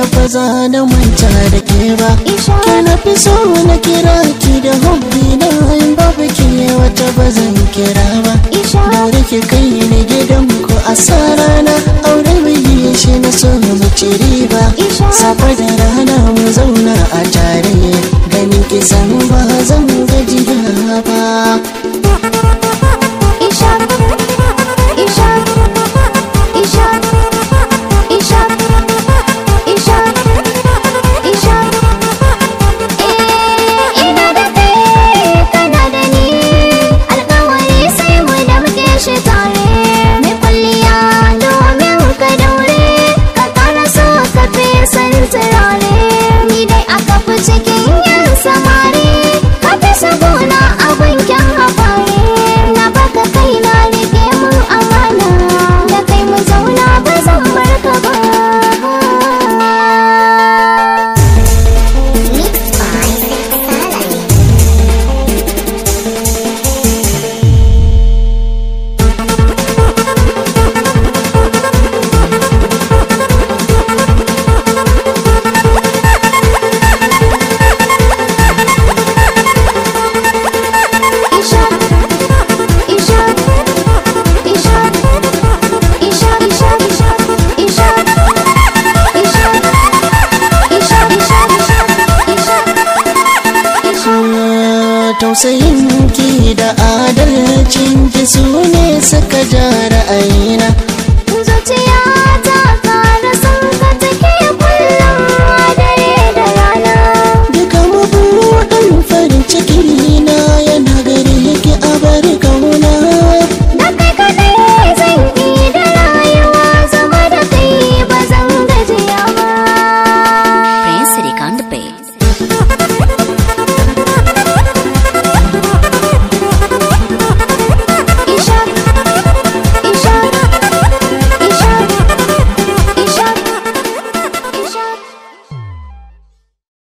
da ba da na manta da ke ba ke na fi so na kira ki da hobbi na in babu ki wata ba zan kira ba da ki kai ni gidan ku a sarana aure biyu shi na so mu ci riba safa da rana mu zauna a tare tausayin ki da adalcin ki su ne suka ja ra'ayina